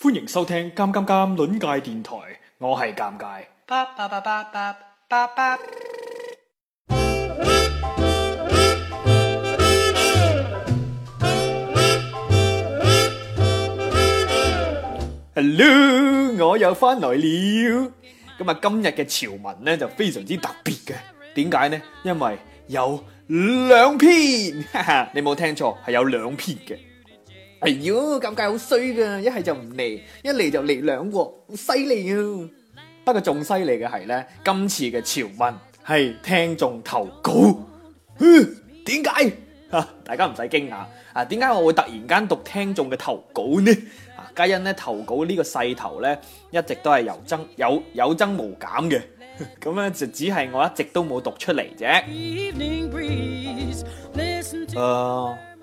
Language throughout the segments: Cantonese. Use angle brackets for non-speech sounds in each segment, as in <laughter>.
歡迎收聽《尷尷尷》論界電台，我係尷尬。Hello，我又返嚟了。咁啊，今日嘅潮文咧就非常之特別嘅，點解呢？因為有兩篇，你冇聽錯，係有兩篇嘅。哎喲，咁解好衰噶，一係就唔嚟，一嚟就嚟兩個好犀利啊！不過仲犀利嘅係咧，今次嘅潮文係聽眾投稿，呃、點解啊？大家唔使驚訝啊！點解我會突然間讀聽眾嘅投稿呢？啊，皆因咧投稿這個呢個勢頭咧，一直都係由增有有增無減嘅，啊、咁咧就只係我一直都冇讀出嚟啫。啊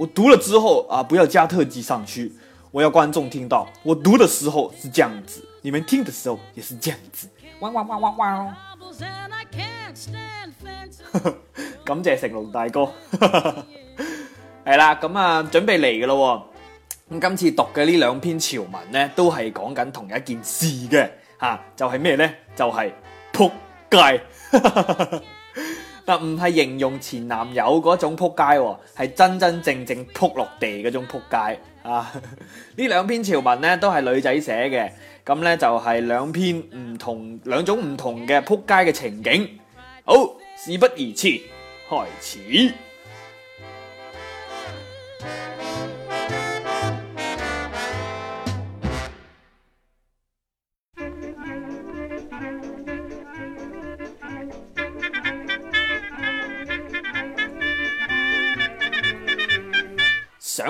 我讀了之後啊，不要加特技上去，我要觀眾聽到我讀的時候是這樣子，你們聽的時候也是這樣子。哇哇哇哇哇！哇哇哇 <laughs> 感謝成龍大哥。係 <laughs> 啦，咁啊，準備嚟嘅咯。咁今次讀嘅呢兩篇潮文呢，都係講緊同一件事嘅，吓、啊，就係、是、咩呢？就係、是、扑街。 <laughs> 就唔係形容前男友嗰種扑街，係真真正正扑落地嗰種扑街啊！呢兩篇潮文咧都係女仔寫嘅，咁咧就係、是、兩篇唔同，兩種唔同嘅扑街嘅情景。好，事不宜遲，開始。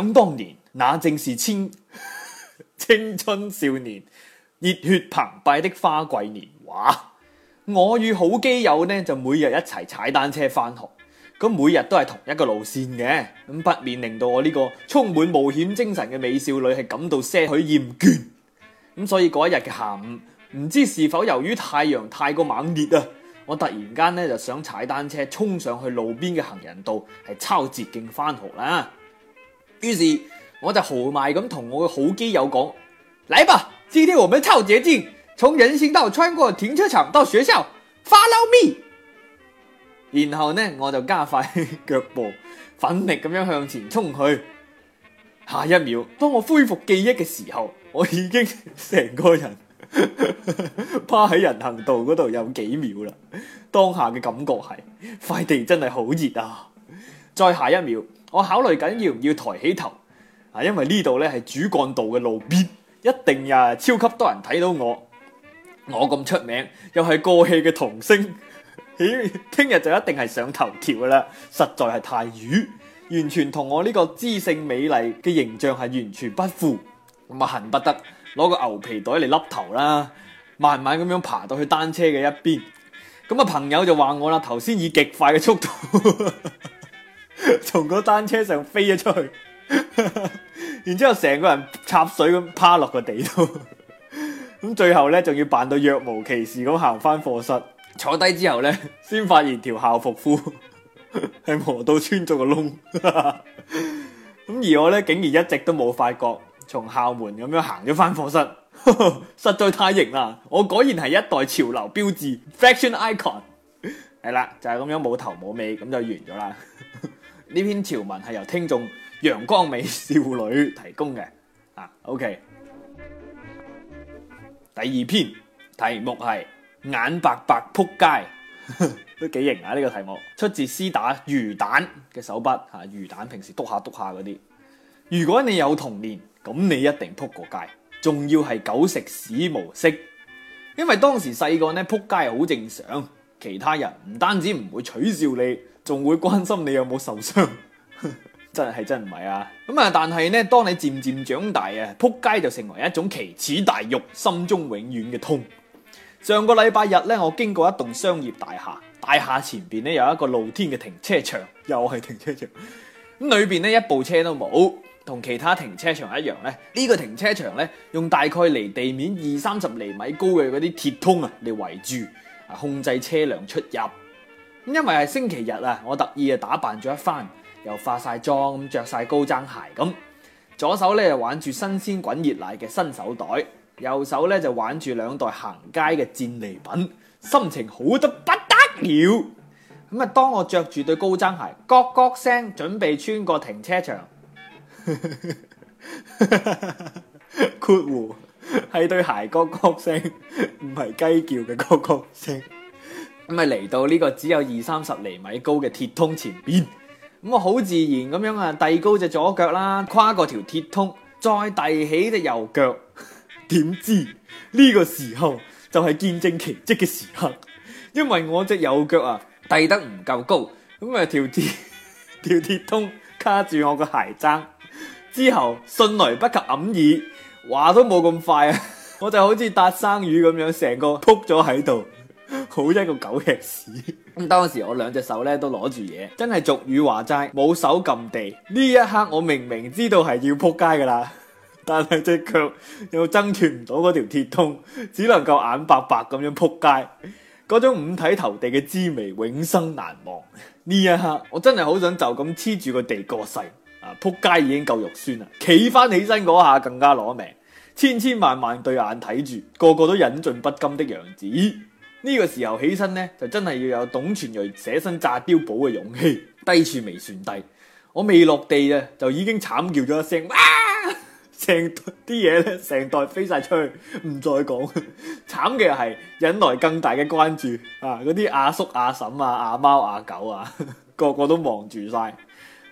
咁當年，那正是青 <laughs> 青春少年，熱血澎湃的花季年華。我與好基友呢就每日一齊踩單車翻學，咁每日都係同一個路線嘅，咁不免令到我呢個充滿冒險精神嘅美少女係感到些許厭倦。咁所以嗰一日嘅下午，唔知是否由於太陽太過猛烈啊，我突然間呢就想踩單車衝上去路邊嘅行人道，係抄捷徑翻學啦。於是我就豪邁咁同我嘅好基友講：，來吧，今天我們抄捷徑，從人行道穿過停車場到學校。Follow me！然後呢，我就加快腳步，奮力咁樣向前衝去。下一秒，當我恢復記憶嘅時候，我已經成個人趴 <laughs> 喺人行道嗰度有幾秒啦。當下嘅感覺係塊地真係好熱啊！再下一秒。我考慮緊要唔要抬起頭，啊，因為呢度咧係主幹道嘅路邊，一定又係超級多人睇到我，我咁出名，又係過氣嘅童星，聽日就一定係上頭條啦，實在係太瘀，完全同我呢個知性美麗嘅形象係完全不符，咁啊恨不得攞個牛皮袋嚟笠頭啦，慢慢咁樣爬到去單車嘅一邊，咁啊朋友就話我啦，頭先以極快嘅速度。 <laughs> 從個 <laughs> 單車上飛咗出去， <laughs> 然之後成個人插水咁趴落個地度，咁最後咧仲要扮到若無其事咁行翻課室，坐低之後咧先發現條校服褲係磨到穿咗個窿，咁而我咧竟然一直都冇發覺，從校門咁樣行咗翻課室， <laughs> 實在太型啦！我果然係一代潮流標誌 fashion icon，係啦， <laughs> 就係咁樣冇頭冇尾咁就完咗啦。 <laughs> 呢篇潮文係由聽眾陽光美少女提供嘅，啊，OK。第二篇題目係眼白白扑街，都幾型啊呢個題目，出自 C 打魚蛋嘅手筆吓、啊，魚蛋平時督下督下嗰啲。如果你有童年，咁你一定扑過街，仲要係狗食屎模式，因為當時細個呢扑街好正常，其他人唔單止唔會取笑你。仲會關心你有冇受傷， <laughs> 真係真唔係啊！咁啊，但係咧，當你漸漸長大啊，仆街就成為一種奇恥大辱，心中永遠嘅痛。上個禮拜日咧，我經過一棟商業大廈，大廈前邊咧，有一個露天嘅停車場，又係停車場咁，裏邊咧一部車都冇，同其他停車場一樣咧。呢個停車場咧，用大概離地面二三十厘米高嘅嗰啲鐵通啊嚟圍住啊，控制車輛出入。因為係星期日啊，我特意啊打扮咗一番，又化晒妝，咁着晒高踭鞋，咁左手咧就玩住新鮮滾熱奶嘅新手袋，右手咧就玩住兩袋行街嘅戰利品，心情好得不得了。咁啊，當我着住對高踭鞋，咯咯聲準備穿過停車場，括弧係對鞋咯咯聲，唔係雞叫嘅咯咯聲。咁咪嚟到呢個只有二三十厘米高嘅鐵通前邊，咁我好自然咁樣啊，遞高隻左腳啦，跨過條鐵通，再遞起隻右腳。點知呢個時候就係見證奇蹟嘅時刻，因為我隻右腳啊遞得唔夠高，咁啊條鐵條鐵通卡住我個鞋踭。之後迅雷不及掩耳，話都冇咁快啊，我就好似搭生魚咁樣，成個撲咗喺度。好一個狗吃屎！ <laughs> 咁當時我兩隻手咧都攞住嘢，真係俗語話齋冇手撳地。呢一刻我明明知道係要撲街噶啦，但係隻腳又掙脫唔到嗰條鐵通，只能夠眼白白咁樣撲街。嗰種五體投地嘅滋味永生難忘。呢一刻我真係好想就咁黐住個地過世啊！撲街已經夠肉酸啦，企返起身嗰下更加攞命，千千萬萬對眼睇住，個個都忍俊不禁的樣子。呢個時候起身呢，就真係要有董存瑞捨身炸碉堡嘅勇氣。低處未算低，我未落地啊，就已經慘叫咗一聲，哇、啊！成啲嘢咧，成袋飛晒出去，唔再講。慘嘅係引來更大嘅關注啊！嗰啲阿叔阿嬸啊，阿貓阿狗啊，個個都望住晒。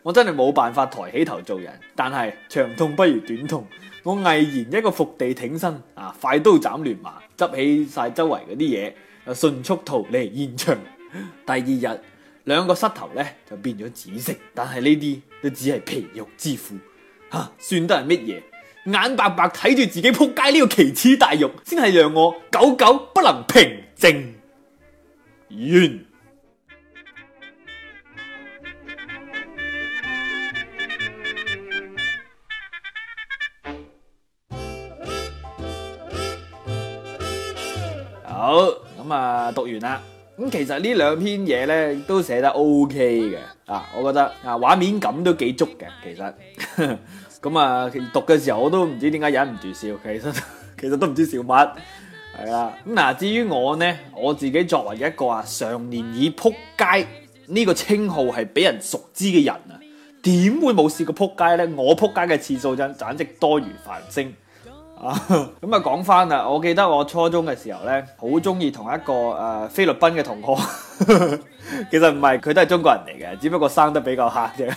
我真係冇辦法抬起頭做人，但係長痛不如短痛，我毅然一個伏地挺身啊！快刀斬亂麻，執起晒周圍嗰啲嘢。迅速逃離現場。第二日，兩個膝頭咧就變咗紫色，但係呢啲都只係皮肉之苦，吓算得係乜嘢？眼白白睇住自己扑街呢個奇恥大辱，先係讓我久久不能平靜。完。好。咁啊，嗯，讀完啦。咁其實這兩東西，呢兩篇嘢咧都寫得 OK 嘅啊，我覺得啊畫面感都幾足嘅。其實咁啊、 <laughs> 嗯，讀嘅時候我都唔知點解忍唔住笑。其實其實都唔知笑乜，係啊。咁、嗯、嗱，至於我呢，我自己作為一個啊常年以扑街呢個稱號係俾人熟知嘅人啊，點會冇試過扑街呢？我扑街嘅次數真簡直多如繁星。啊，咁啊講翻啦，我記得我初中嘅時候咧，好中意同一個誒、呃、菲律賓嘅同學，呵呵其實唔係，佢都係中國人嚟嘅，只不過生得比較黑啫。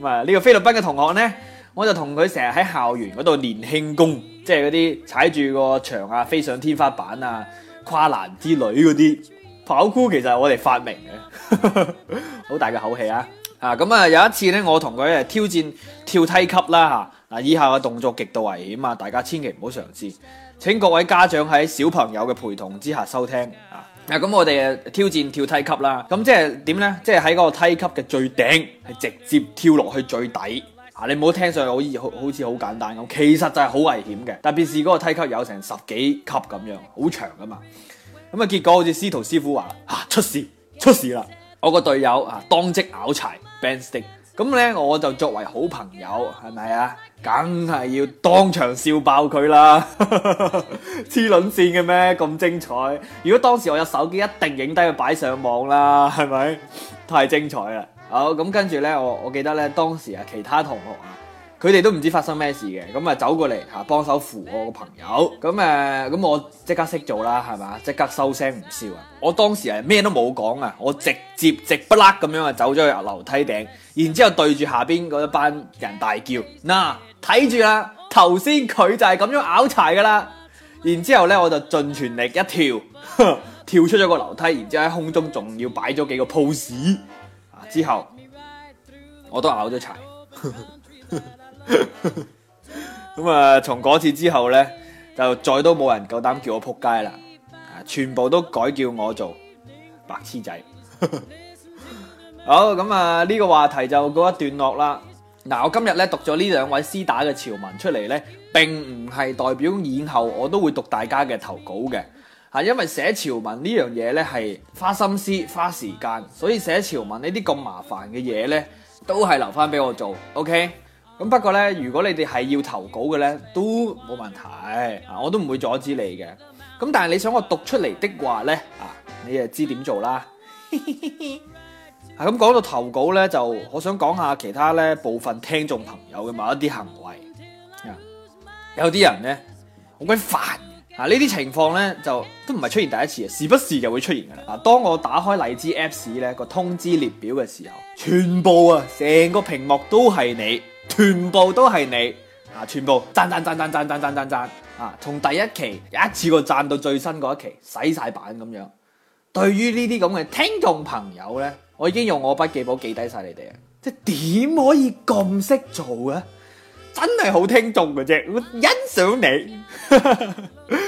咁啊呢個菲律賓嘅同學咧，我就同佢成日喺校園嗰度練輕功，即係嗰啲踩住個牆啊，飛上天花板欄呵呵啊，跨欄之類嗰啲跑酷，其實係我哋發明嘅，好大嘅口氣啊！啊，咁啊！有一次咧，我同佢誒挑戰跳梯級啦嚇。嗱、啊，以下嘅動作極度危險啊，大家千祈唔好嘗試。請各位家長喺小朋友嘅陪同之下收聽啊。嗱，咁我哋挑戰跳梯級啦。咁、啊、即係點咧？即係喺嗰個梯級嘅最頂，係直接跳落去最底啊！你唔好聽上去好似好好似好簡單咁，其實就係好危險嘅。特別是嗰個梯級有成十幾級咁樣，好長啊嘛。咁啊，結果好似司徒師傅話啊，出事出事啦！我個隊友啊，當即拗柴。咁咧，我就作為好朋友，係咪啊？梗係要當場笑爆佢啦！黐撚線嘅咩？咁精彩！如果當時我有手機，一定影低佢擺上網啦，係咪？太精彩啦！好，咁跟住咧，我我記得咧，當時啊，其他同學啊。佢哋都唔知發生咩事嘅，咁啊走過嚟嚇幫手扶我個朋友，咁誒咁我即刻識做啦，係嘛？即刻收聲唔笑啊！我當時係咩都冇講啊，我直接直不甩咁樣啊走咗去樓梯頂，然之後對住下邊嗰一班人大叫：嗱，睇住啦！頭先佢就係咁樣拗柴噶啦，然之後呢，我就盡全力一跳，跳出咗個樓梯，然之後喺空中仲要擺咗幾個 pose，之後我都咬咗柴。 <laughs> 咁啊，從嗰 <laughs> 次之後呢，就再都冇人夠膽叫我扑街啦，全部都改叫我做白痴仔。 <laughs> 好，咁啊，呢、呢個話題就告一段落啦。嗱，我今日咧讀咗呢兩位 C 打嘅潮文出嚟呢，並唔係代表以後我都會讀大家嘅投稿嘅，因為寫潮文呢樣嘢呢係花心思、花時間，所以寫潮文呢啲咁麻煩嘅嘢呢，都係留翻俾我做，OK？咁不過咧，如果你哋係要投稿嘅咧，都冇問題，我都唔會阻止你嘅。咁但係你想我讀出嚟的話咧，啊，你就知點做啦。咁 <laughs> 講到投稿咧，就我想講下其他咧部分聽眾朋友嘅某一啲行為。啊，有啲人咧好鬼煩，啊呢啲情況咧就都唔係出現第一次，時不時就會出現噶啦。啊，當我打開荔枝 Apps 咧個通知列表嘅時候，全部啊成個屏幕都係你。全部都係你啊！全部讚讚讚讚讚讚讚讚讚啊！從第一期一次過贊到最新嗰一期，洗晒版咁樣。對於呢啲咁嘅聽眾朋友呢，我已經用我筆記簿記低晒你哋啊！即係點可以咁識做啊？真係好聽眾嘅啫，我欣賞你。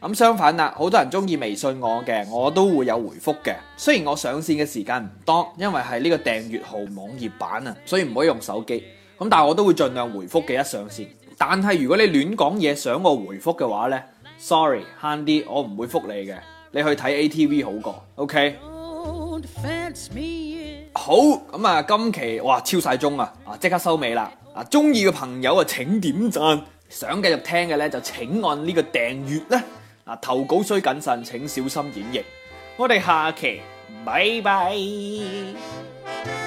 咁相反啦，好多人中意微信我嘅，我都會有回覆嘅。雖然我上線嘅時間唔多，因為係呢個訂閱號網頁版啊，所以唔可以用手機。咁但係我都會盡量回覆嘅，一上線。但係如果你亂講嘢想我回覆嘅話呢，sorry，慳啲， <music> Sorry, handy, 我唔會覆你嘅，你去睇 ATV 好過，OK？好咁啊、嗯，今期哇超晒鐘啊，啊即刻收尾啦！啊，中意嘅朋友啊請點讚，想繼續聽嘅呢，就請按呢個訂閱呢。投稿需謹慎，請小心演繹。我哋下期拜拜。Bye bye